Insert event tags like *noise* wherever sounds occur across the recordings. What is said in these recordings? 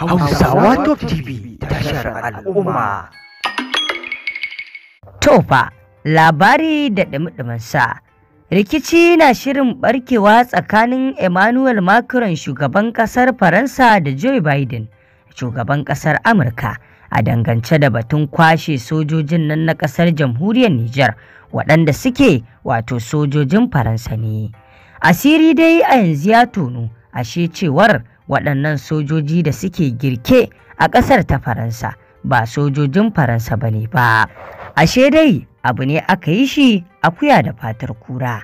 Hausawa Top TV tashar al'umma. Tofa labari da ɗumi sa. Rikici na shirin barkewa tsakanin Emmanuel Macron shugaban ƙasar Faransa da Joe Biden shugaban ƙasar Amurka a dangance da batun kwashe sojojin nan na ƙasar jamhuriyar Nijar waɗanda suke wato sojojin Faransa ne. Asiri dai a yanzu ya tono ashe cewar waɗannan sojoji da suke girke a ƙasar ta faransa ba sojojin faransa ba ne ba ashe dai abu ne aka yi shi akuya da fatar kura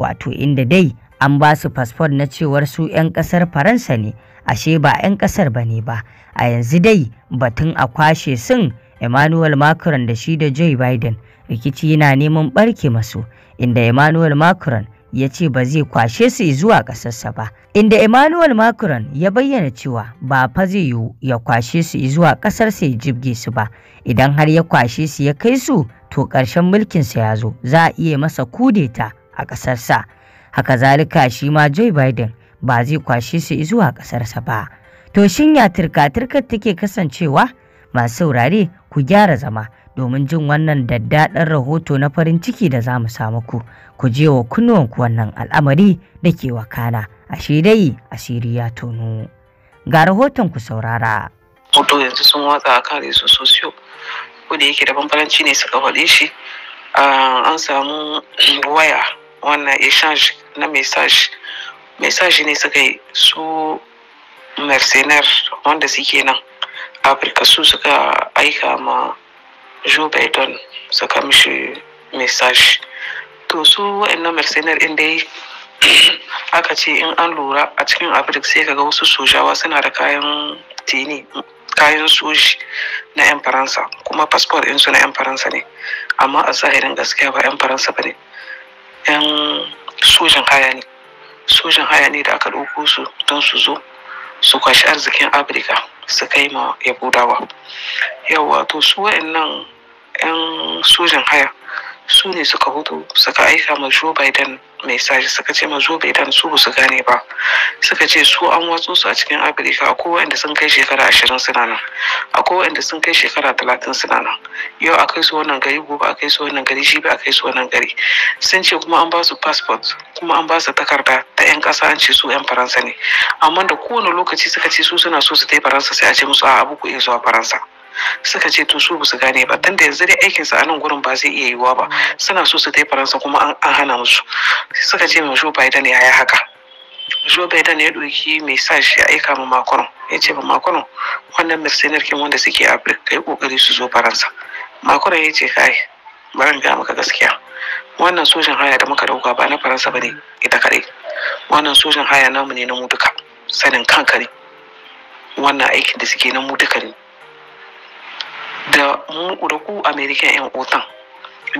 wato inda dai an ba su fasfon na cewar su 'yan ƙasar faransa ne ashe ba 'yan ƙasar ba ne ba a yanzu dai batun a kwashe sun emmanuel macron da shi da joe biden rikici yana neman ɓarke masu inda emmanuel macron ya ce ba zai kwashe su zuwa ƙasarsa ba. Inda Emmanuel Macron ya bayyana cewa ba fa zai yiwu ya kwashe su zuwa ƙasarsa ya jibge su ba, idan har ya kwashe su ya kai su to ƙarshen mulkinsa ya zo za a iya masa kudeta a ƙasarsa. Haka zalika shi ma Joe Biden ba zai kwashe su zuwa ƙasarsa ba. To shin ya turka-turkar take kasancewa? Masu saurare ku gyara zama domin jin wannan daddaɗar rahoto na farin ciki da za mu samu ku ku je wa kunnuwanku wannan al'amari da ke wakana ashe dai asiri ya tono ga rahoton ku saurara hoto yanzu sun watsa a kan su sosiyo ko da yake da bambanci ne suka faɗe shi ah, an samu waya wannan exchange na message message ne suka yi su mercenaire wanda suke nan afirka su suka aika ma joe biden suka mishi message to su wa'annan mercenaire in dai *clears throat* aka ce in an lura a cikin afirka sai ga wasu sojawa suna da kayan tini kayan soji na 'yan faransa kuma fasfor su na 'yan faransa ne amma a zahirin gaskiya ba 'yan faransa ba ne 'yan sojin haya ne sojin haya ne da aka ɗauko su don su zo su kwashi arzikin afirka su kai ma yahudawa yawa to su wa'annan 'yan sojan haya su ne suka hudu suka aika ma Joe Biden sashi suka ce ma Joe Biden su su gane ba suka ce su an watsu su a cikin Afirka akwai wanda sun kai shekara ashirin suna nan akwai wanda sun kai shekara talatin suna nan yau a kai su wannan gari gobe a kai su wannan gari shi ba a kai su wannan gari sun ce kuma an ba su passport kuma an ba su takarda ta yan kasa an ce su yan Faransa ne amma da kowane lokaci suka ce su suna so su tai Faransa sai a ce musu a abu ku iya zuwa Faransa. suka ce to su ba su gane ba tunda yanzu dai aikinsa a nan gurin ba zai iya yiwuwa ba suna so su tai faransa kuma an hana musu suka ce mai joe biden ya yi haka joe biden ya ɗauki mai sa shi aika ma macron ya ce ma macron wannan mercenar kin wanda suke afirka kai kokari su zo faransa macron ya ce kai bari ga maka gaskiya wannan sojin haya da muka dauka ba na faransa ba ne ita kaɗai wannan sojin haya namu ne na mu duka sanin kanka ne wannan aikin da suke na mu duka ne da da ku yan otan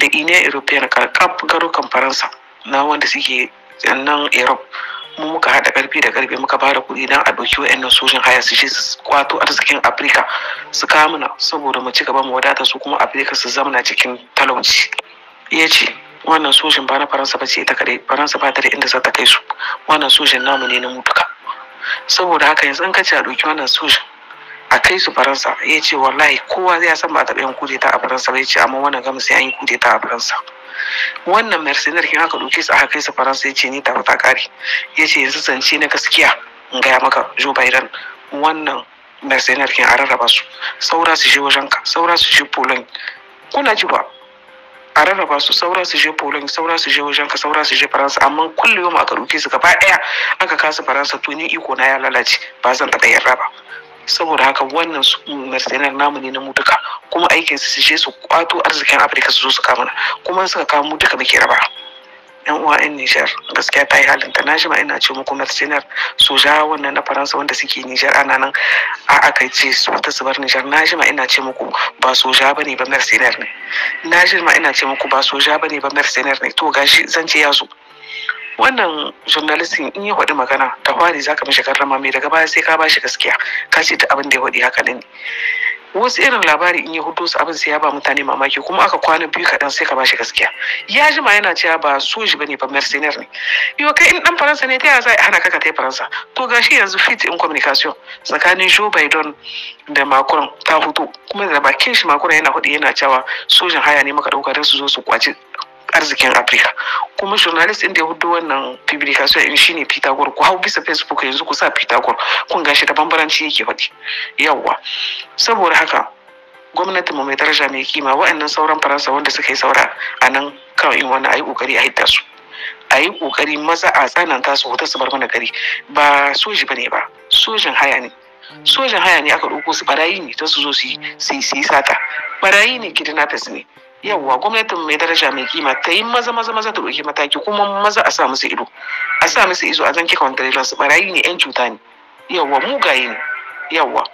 da ina european garo garukan faransa na wanda suke nan europe mu muka haɗa karfi da karfi muka bada kuɗi don a ɗauki wa'annan sojin haya su je kwato a arzikin afirka su kamuna saboda mu ci gaba mu wadata su kuma afirka su zamana cikin talauci ya ce wannan sojin ba na faransa ba ce ita kaɗai faransa ba ta da inda za ta kai su wannan sojin namu ne na mutuka saboda haka yanzu an kace a ɗauki wannan sojin a kai su faransa ya ce wallahi kowa zai san ba a taɓa yin kudeta a faransa ba ya ce amma wannan gama sai an yi kudeta a faransa wannan mercenary kin aka ɗauke su aka kai su faransa ya ce ni ta ta ƙari ya ce yanzu zance na gaskiya in gaya maka jo biden wannan mercenary kin a rarraba su saura su je wajenka saura su je poland kuna ji ba a rarraba su saura su je poland saura su je wajen ka saura su je faransa amma kullum aka ɗauke su gaba ɗaya aka kasa faransa to ni iko na ya lalace ba zan taɓa yarda ba saboda haka wannan su namu ne na mu duka kuma aikin su je su kwato arzikin afirka su zo su kama kuma suka kama mu duka muke raba yan uwa yan nijar gaskiya ta yi halin ta na ma ina ce muku mercenaire su ja wannan na faransa wanda suke nijar ana nan a aka ce su ta zubar nijar na ma ina ce muku ba su ja bane ba mercenaire ne na ma ina ce muku ba su ja bane ba mercenaire ne to gashi zan ce ya zo wannan journalistin in ya faɗi magana ta fari zaka mishi karrama mai daga baya sai ka bashi gaskiya ka ce ta abin da ya faɗi haka ne wasu irin labari in ya hudu su abin sai ya ba mutane mamaki kuma aka kwana biyu kaɗan sai ka ba gaskiya ya ji ma yana cewa ba soji bane ba mercenar ne yau kai in dan faransa ne ta yaya za a hana kaka ta yi faransa to gashi yanzu fit in communication tsakanin joe biden da makon ta hudu kuma da bakin shi makon yana hudu yana cewa sojin haya ne maka ɗauka don su zo su kwaci arzikin Afrika, kuma journalist inda ya hudu wannan publication in shine pitagor ku hau bisa facebook yanzu ku sa pitagor kun gashi da bambaranci yake faɗi yawwa saboda haka gwamnati mu mai daraja mai kima wa'annan sauran faransa wanda suka yi saura a nan kawai in wani a yi ƙoƙari a hidda su a yi ƙoƙari, maza a tsananta su wata su bar mana gari ba soji ba ne ba sojin haya ne sojin haya ne aka ɗauko su barayi ne ta su zo su yi sata barayi ne kidnappers ne yawwa gwamnatin mai daraja mai kima ta yi maza maza maza ta ɗauki mataki kuma maza a sa musu ido a sa musu izo a zan kika wanda su barayi ne yan cuta ne yawwa mugaye ne yawwa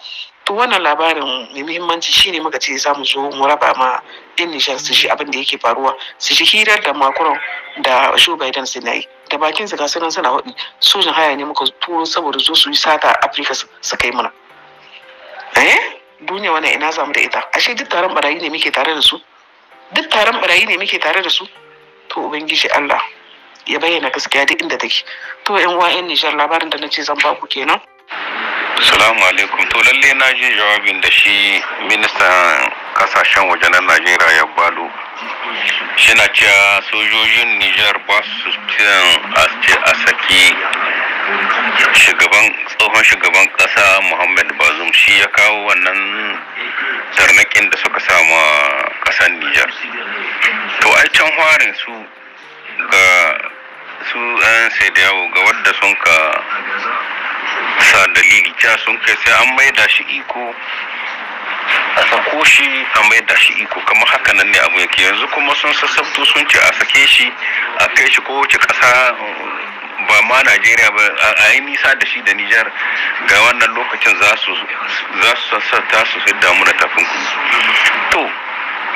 to wannan labarin mai muhimmanci shine muka ce za mu zo mu raba ma yan nishar su shi abin da yake faruwa su shi hirar da makuron da Joe Biden suna yi da bakin su gasu suna hudu sojin haya ne muka turo saboda zo su yi sata a Afirka su kai mana eh duniya wannan ina zamu da ita ashe duk taron barayi ne muke tare da su duk taron barayi ne muke tare da su to ubangiji Allah ya bayyana gaskiya duk inda take to yan uwa yan labarin da nace zan ba ku kenan Salamu alaikum. To lalle na ji jawabin da shi ministan kasashen waje na Najeriya ya balo. Shi na cewa sojojin Nijar ba su a saki shugaban tsohon shugaban kasa Muhammad Bazoum shi ya kawo wannan tarnakin da suka sama kasar Nijar. To ai can harin su ga su 'yan eh, sai da yawo ga wadda sun ka bisa dalili ja sun kai sai an maida shi iko a sako shi a maida shi iko kamar haka nan ne abu yake yanzu kuma sun sassabto sun ce a sake shi a kai shi kowace ƙasa ba ma najeriya ba a yi nisa da shi da nijar ga wannan lokacin za su sassata su sai damu da tafin to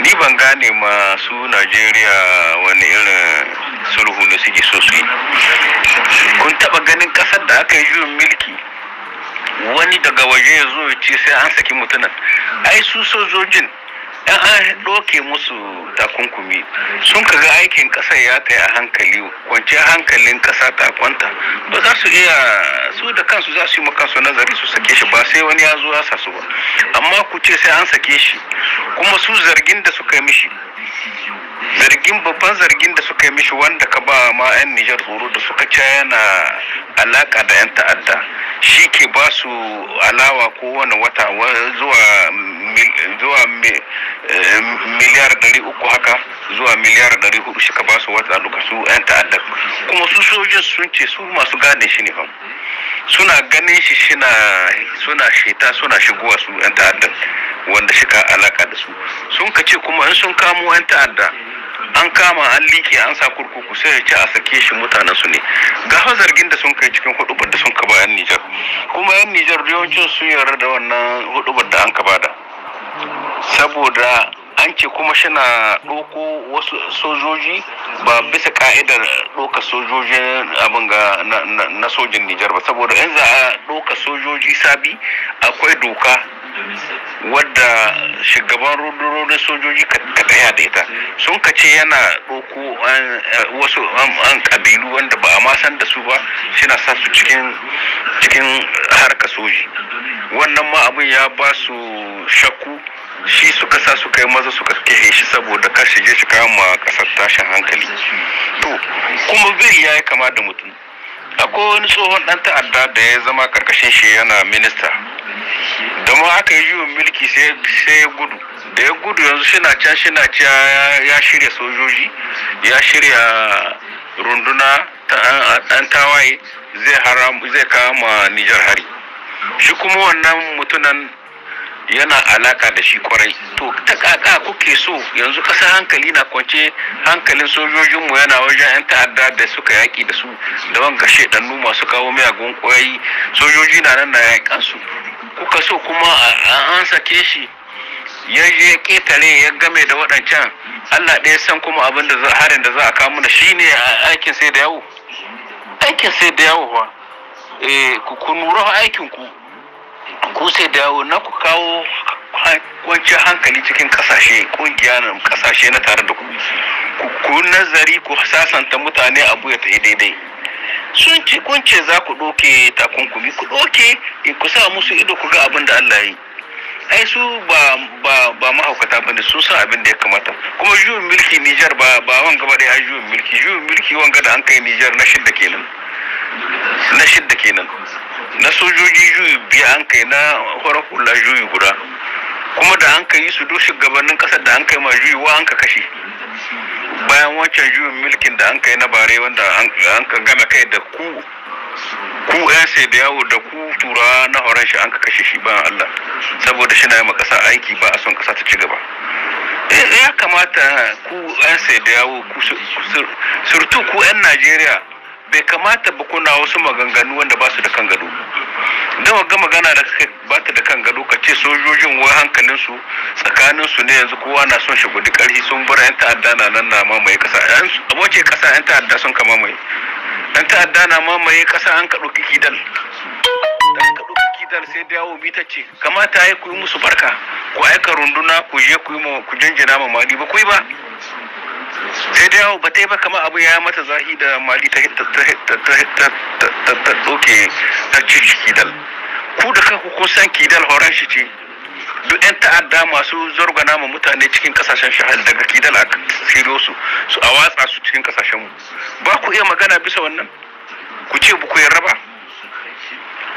ni ban gane masu najeriya wani irin sulhu ne suke so kun taba ganin kasar da aka yi juyin milki wani daga waje ya zo ce sai an saki mutunan ai su sojojin dan an doke musu takunkumi sun ka ga aikin kasar ya ta yi a hankali kwanciyar hankalin kasa ta kwanta ba za su iya su da kansu za su yi makansu nazari su sake shi ba sai wani ya zo ya sasu ba amma ku ce sai an sake shi kuma su zargin da suka yi mishi zargin babban zargin da suka yi mishi wanda ka ba ma 'yan Nijar tsoro da suka ce yana alaka da 'yan ta'adda shi ke ba su alawa wani wata zuwa eh, miliyar ɗari uku haka zuwa miliyar ɗari hudu shi ka ba su wata duka su 'yan ta'adda kuma su sojin sun ce su masu gane shi ne fam suna ganin shi suna sheta suna shigowa su 'yan ta'adda wanda suka alaka da su sun ka ce kuma in sun kamo yan ta'adda an kama an liƙe an sa kurkuku sai ya ce a sake shi mutanen su ne ga zargin da sun kai cikin hudubar da sun ka ba yan Nijar kuma yan Nijar yawancin sun yarda da wannan hudubar da an ka bada saboda an ce kuma shana ɗoko wasu sojoji ba bisa ka'idar ɗoka sojoji abin ga na sojin Nijar ba saboda in za a ɗoka sojoji sabi akwai doka wadda shugaban rundunonin sojoji ka daya da ita sun ka ce yana ɗauko eh, wasu an kabilu wanda ba a masan da su ba suna sa su cikin cikin harka soji wannan ma abin ya ba su shakku shi suka sa suka yi maza suka kehe shi saboda kashe je shi kama kasar tashin hankali to kuma biri ya yi kama da mutum akwai wani tsohon ɗan ta'adda da ya zama karkashin shi yana minista da mu aka yi yiwu mulki sai ya gudu da ya gudu yanzu shina can shina cewa ya shirya sojoji ya shirya runduna ɗan tawaye zai kama nijar hari shi kuma wannan mutunan yana alaka da shi kwarai to ta kaka kuke so yanzu kasa hankali na kwance hankalin sojojinmu yana wajen 'yan ta'adda da suka yaki da su da wanga shedannu masu kawo miyagun kwayoyi sojoji na nan na yakan su kuka so kuma an sake shi ya je ƙetare ya game da waɗancan allah ɗaya san kuma abin da harin da za a kamu da shi ne aikin sai da yawo aikin sai da yawo ba eh, ku nura aikin ku ku sai dawo na ku kawo kwanciyar hankali cikin kasashe kungiya na kasashe na tare da ku ku nazari ku sasanta mutane abu ya tafi daidai sun ci kunce za ku ɗoke takunkumi ku ɗoke eh, ku sa musu ido ku ga abin da Allah yi ai su ba ba ba mahaukata bane su san abin da ya kamata kuma juyin mulki Niger ba ba wanga ba da ai juyin mulki juyin mulki wanga da an kai Niger na shidda kenan na shidda kenan na sojoji juyi biya an kai na horar hula juyi guda kuma da an kai su duk shugabannin kasar da an kai ma juyi wa an ka kashe bayan wancan juyin milkin da an kai na bare wanda an ka gama kai da ku ku yan sai da yawo da ku tura na horon shi an ka kashe shi bayan Allah saboda shi na yi makasa aiki ba a son kasa ta ci gaba eh, ya kamata ku yan sai da yawo ku surtu ku yan Najeriya bai kamata ba kuna wasu maganganu wanda ba su da kan gado da ga magana da suka ba ta da kan gado ka ce sojojin wa hankalin su tsakanin su ne yanzu kowa na son shi gudu karhi sun bura yan ta'adda na nan na mamaye kasa aboce kasa yan ta'adda sun ka mamaye yan ta'adda na mamaye kasa an ka ɗauki kidal an ka kidal sai dawo bi ta ce kamata ya ku yi musu barka ku aika runduna ku je ku yi ku jinjina ma mali ba ku yi ba sai da yawo ba ta yi ba kamar abu ya mata zahi da mali ta ɗauke ta ci kidal ku da kanku kun san kidal horon shi ce duk 'yan ta'adda masu zargana ma mutane cikin kasashen shahal daga kidal a siro su su a watsa su cikin kasashen mu ba ku iya magana bisa wannan ku ce ba ku yarda ba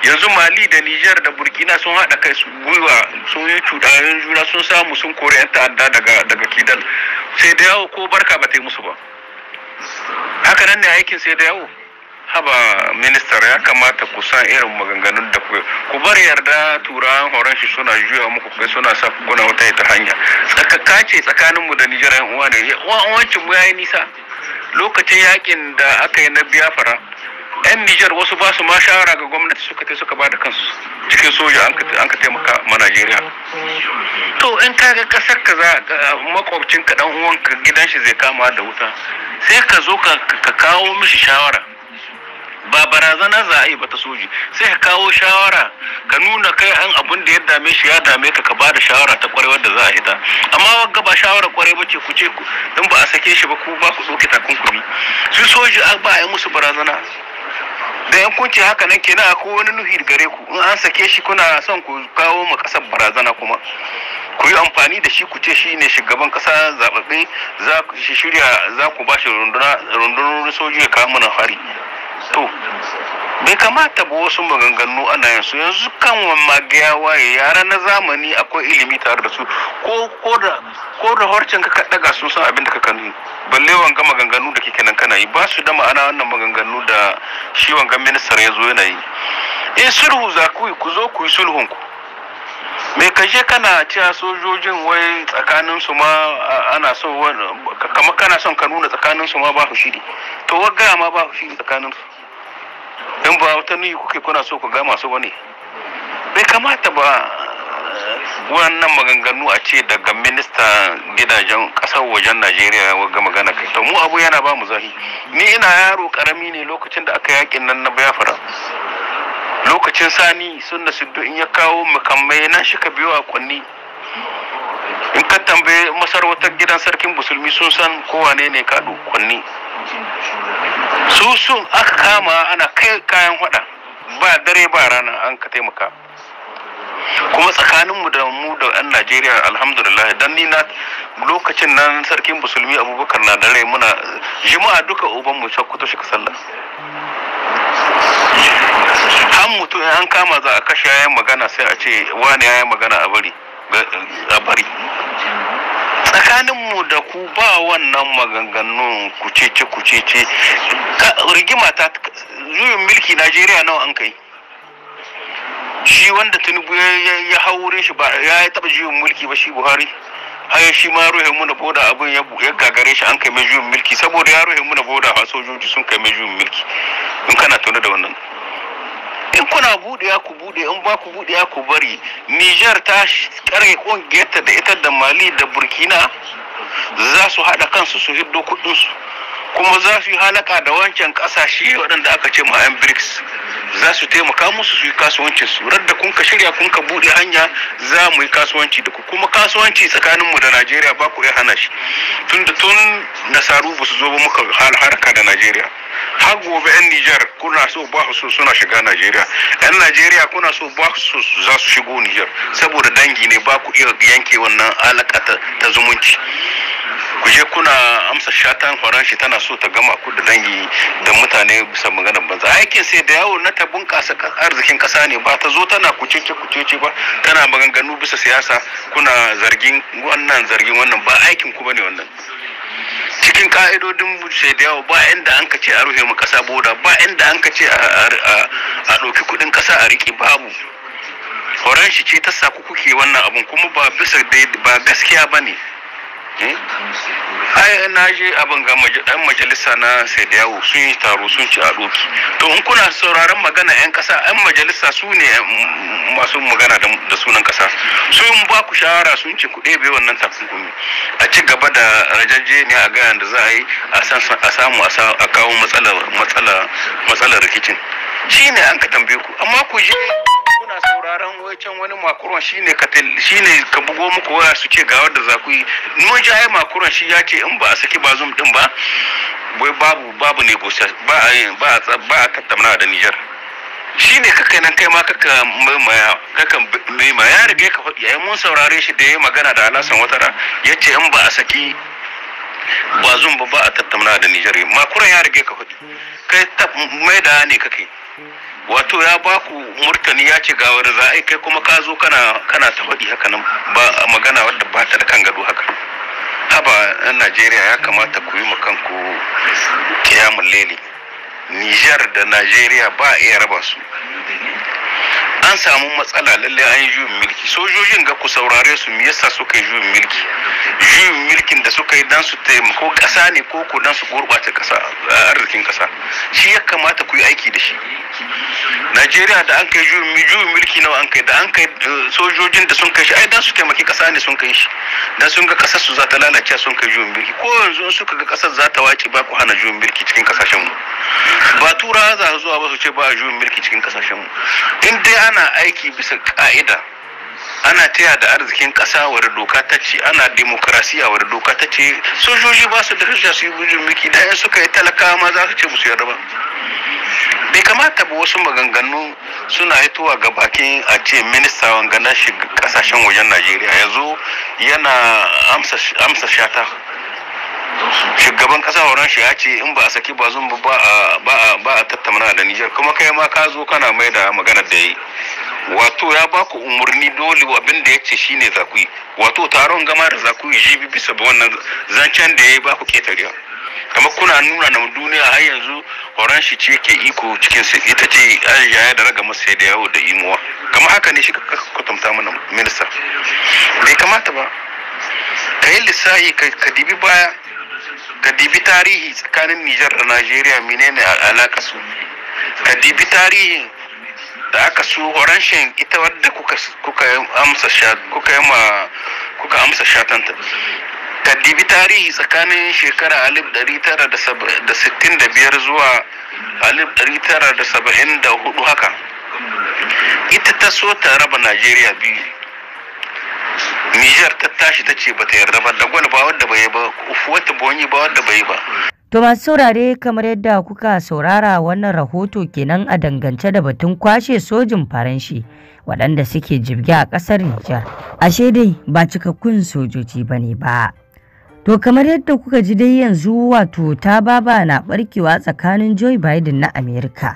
yanzu mali da niger da burkina sun haɗa kai su gwiwa sun yi cuɗayen juna sun samu sun kore 'yan ta'adda daga kidal sai da yawo ko barka ba ta yi musu ba haka nan ne aikin sai da yawo haba ministar ya kamata ku san irin maganganun da ku ku bar yarda turawan horon shi suna juya muku kai suna sa ku wata ita hanya tsakaka ce tsakanin mu da Nijar yan uwa ne uwa uwancin mu yayi nisa lokacin yakin da aka yi na fara yan Nijar wasu ba su ma shawara ga gwamnati suka kai suka bada kansu cikin soja an ka taimaka ma Najeriya. To in ka ga kasar ka za makwabcin ka dan uwan ka gidan shi zai kama da wuta sai ka zo ka kawo mishi shawara. Ba barazana za a yi bata soji sai ka kawo shawara ka nuna kai an abun da ya dame shi ya dame ka ka bada shawara ta kware wadda za a hita amma wagga ba shawara kware ba ce ku ce in ba a sake shi ba ku ba ku ɗauke takunkumi su soji ba a yi musu barazana da yan kunci haka nan kenan akwai wani nuhi gare ku in an sake shi kuna son ku kawo ma kasar barazana kuma ku yi amfani da shi ku ce shi ne shugaban kasa zaɓaɓɓe za ku shirya za ku ba shi rundunar sojoji kawo mana hari to bai kamata ba wasu maganganu ana yin su yanzu kan magiya waye yara na zamani akwai ilimi tare da su ko da harcin ka daga sun san abin da ka kanu balle wanga maganganu da kike nan kana yi ba su da ma'ana wannan maganganu da shi wanga ministar ya zo yana yi in eh, sulhu za ku yi ku zo ku yi sulhun ku me ka je kana cewa sojojin wai tsakanin su ma ana so kamar kana son ka nuna tsakanin su ma ba su shiri to wagga ma ba su shiri tsakanin su in ba wata nuyi kuke kuna so ku ga masu wani bai kamata ba eh, wannan maganganu a ce daga ministan gidajen kasar wajen najeriya waga magana kai to mu abu yana ba mu zahi ni ina yaro karami ne lokacin da aka yakin nan na biafra lokacin sani sun da siddo in ya kawo makamai nan shi ka biyo a kwanni in ka tambaye masarautar gidan sarkin musulmi sun san kowane ne kaɗu kwanni su sun aka kama ana kai kayan hada ba dare ba rana an ka taimaka kuma tsakaninmu da mu da 'yan najeriya alhamdulillah dan ni na lokacin nan sarkin musulmi abubakar na dare muna jima'a duka ubanmu shakkuto shi ka sallah an mutu an kama za a kashe yayin magana sai a ce wani yayin magana a a bari tsakaninmu da ku ba wannan maganganun kucece kucece rigima ta juyin milki najeriya nawa an kai shi wanda tinubu ya haure shi ba ya yi taba juyin mulki ba shi buhari har shi ma ruhe muna boda abin ya gagare shi an kai mai juyin mulki saboda ya ruhe muna boda sojoji sun kai mai juyin mulki in kana tuna da wannan in kuna ya ku bude in ba ku ya ku bari Niger ta karye kungiyarta da ita da Mali da Burkina za su haɗa kansu su hiddo su kuma za su yi halaka da wancan kasashe waɗanda aka ce ma BRICS. za su taimaka musu su yi kasuwancin su da kun ka shirya kun ka buɗe hanya za mu yi kasuwanci da ku kuma kasuwanci mu da najeriya ba ku iya hana shi tun da tun nasaru ba su zo ba muka harka da najeriya har gobe 'yan Nijar kuna so ba su suna shiga Najeriya. 'Yan Najeriya kuna so ba su za su shigo Nijar saboda dangi ne ba ku iya yanke wannan alaka ta zumunci. ku je kuna amsa shatan kwaran shi tana so ta gama ku da dangi da mutane bisa maganar banza aikin sai da yawo na ta bunƙasa arzikin ƙasa ne ba ta zo tana kucece kucece ba tana maganganu bisa siyasa kuna zargin wannan zargin wannan ba aikin ku bane wannan cikin ka'idodin sai da yawa ba inda an ce a rufe mu ƙasa boda ba inda an ce a ɗauki kuɗin ƙasa a riƙe babu horon shi ce ta saku kuke wannan abun kuma ba bisa ba gaskiya ba ne ai na je abin ga dan majalisa na saidiyawo sun yi taro sun ci a doki to in kuna sauraron magana yan kasa yan majalisa su ne masu magana da sunan kasa sun ba ku shawara sun ci kuɗe bai wannan takunkumi a ci gaba da ne a gayan da za a yi a samu a kawo matsalar rikicin shi ne an ka tambaye ku amma ku je kuna sauraron wacan wani makuron shine katil shine ka bugo muku waya su ce ga wanda za ku yi mun ji ai makuran shi ya ce in ba a saki bazum din ba wai babu babu ne ba a ba a ba a tattauna da Niger shi ne kaka nan kai ma kaka maimaya kaka maimaya ya riga ka faɗi mun saurare shi da ya magana da alasan watara ya ce in ba a saki ba ba ba a tattauna da Niger makuran ya riga ka faɗi kai ta mai da ne kake wato ya ba ku murtani ya ce gawar za a kai kuma ka zo kana kana ta faɗi haka nan ba magana wadda ba ta da kan gado haka haba a najeriya ya kamata ku yi ma kanku kiyamun lele nijar da najeriya ba a iya raba su an samu matsala lalle an yi juyin mulki sojojin ga ku saurare su me yasa suka yi juyin mulki juyin mulkin da suka yi dan su taimako kasa ne ko ku dan su gurbata kasa arzikin kasa shi ya kamata ku yi aiki da shi najeriya da an kai juyin mulki nawa an kai da an kai sojojin da sun kai shi ai dan su taimaki kasa ne sun kai shi dan sun ga kasar su za ta lalace sun kai juyin mulki ko yanzu in suka ga kasar za ta wace ba ku hana juyin mulki cikin kasashen mu ba tura za zuwa ba su ce ba juyin mulki cikin kasashen mu in dai ana aiki bisa ka'ida ana taya da arzikin kasa wadda doka ta ce ana demokrasiya wadda doka ta ce sojoji ba su da hujja su yi gujin miki da yan suka yi talakawa ma za su ce musu yarda ba bai kamata ba wasu maganganu suna hitowa ga bakin a ce minista wangana shi kasashen wajen najeriya yanzu yana amsa shata shugaban kasa horon shi ya ce in ba a saki ba ba a tattauna da nijar kuma kai ma ka zo kana mai da maganar da yi wato ya ba ku umarni dole abin da ya ce shine zakuyi wato taron gama da zakuyi jibi bisa ba wannan zancen da ya ba ku ketarewa kamar kuna nuna na duniya har yanzu horon shi ce ke iko cikin su ita ce an da raga masa da yawo da imuwa kamar haka ne shi ka kwatanta mana minista bai kamata ba ka yi lissahi ka dibi baya ka dibi tarihi tsakanin nijar da najeriya menene alaka su ka dibi tarihin da aka su ranshin ita wadda kuka amsa kuka yi ma kuka amsa shatanta ta dibi tarihi tsakanin shekara alif ɗari tara da sittin da biyar zuwa alif ɗari tara da saba'in da hudu haka ita ta so ta raba najeriya biyu nijar ta tashi ta ce ba ta yarda ba da gwal ba wadda bai ba ta bonyi ba wadda bai ba To masu saurare kamar yadda kuka saurara wannan rahoto kenan a dangance da batun kwashe sojin faranshi waɗanda suke jirgi a ƙasar Nijar. Ashe dai ba cikakkun sojoji ba ne ba. To kamar yadda kuka ji dai yanzu wato ta baba na ɓarkewa tsakanin Joe Biden na Amerika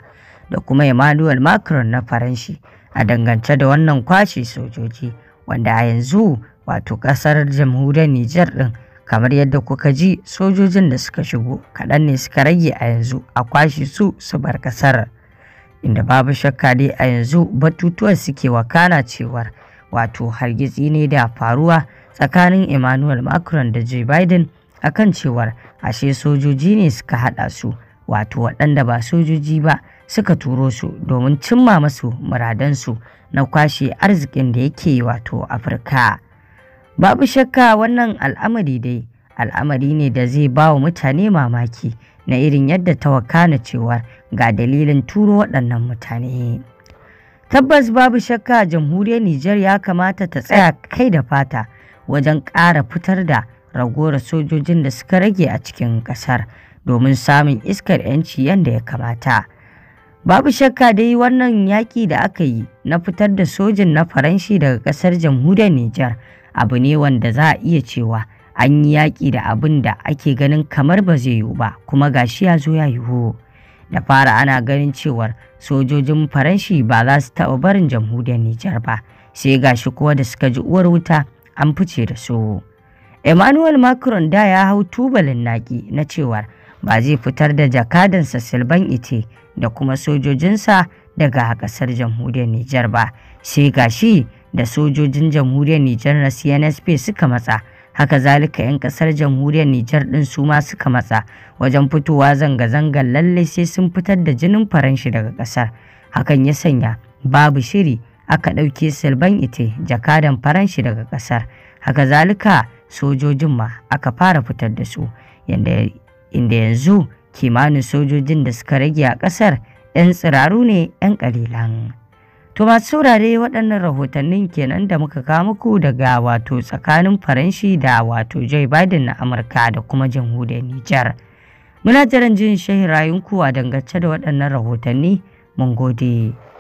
da kuma Emmanuel Macron na faranshi a dangance da wannan kwashe sojoji wanda a yanzu wato ƙasar jamhuriyar Nijar ɗin kamar yadda kuka ji sojojin da suka shigo kaɗan ne suka rage a yanzu a kwashe su su bar kasar inda babu shakka dai a yanzu batutuwan suke wakana cewar wato hargitsi ne da faruwa tsakanin emmanuel macron da joe biden akan cewar ashe sojoji ne suka haɗa su wato waɗanda ba sojoji ba suka turo su domin cimma masu muradansu na kwashe arzikin da yake wato afirka babu shakka wannan al'amari dai al'amari ne da zai ba wa mutane mamaki na irin yadda ta wakana cewa ga dalilin turo waɗannan mutane tabbas babu shakka jamhuriyar nijar ya kamata ta tsaya kai da fata wajen ƙara fitar da ragowar sojojin da suka rage a cikin ƙasar domin samun iskar 'yanci yadda ya kamata babu shakka dai wannan yaƙi da aka yi na fitar da sojin na faranshi daga ƙasar jamhuriyar nijar abu ne wanda za a iya cewa an yi yaƙi da abin da ake ganin kamar ba zai yiwu ba kuma gashi ya zo ya yi yiwu da fara ana ganin cewar sojojin faranshi ba za su taɓa barin jamhuriyar nijar ba sai gashi kuwa da suka ji uwar wuta an fice da su emmanuel macron da ya hau tubalin naƙi na cewar ba zai fitar da jakadansa silban ite da kuma sojojinsa daga ƙasar jamhuriyar nijar ba sai gashi da sojojin jamhuriyar Nijar na CNSP suka matsa. Haka zalika 'yan kasar jamhuriyar Nijar ɗin su ma suka matsa wajen fitowa zanga-zangar lallai sai sun fitar da jinin faranshi daga ƙasar. Hakan ya sanya babu shiri aka ɗauke Silban Ite jakadan faranshi daga ƙasar. Haka zalika sojojin ma aka fara fitar da su inda yanzu kimanin sojojin da suka rage a ƙasar 'yan tsiraru ne 'yan ƙalilan. To masu saurare waɗannan rahotannin kenan da muka kawo muku daga wato tsakanin Faranshi da wato Joe Biden na Amurka da kuma jamhuriyar Nijar. Muna jiran jin shahin rayunku a dangance da waɗannan rahotanni mun gode.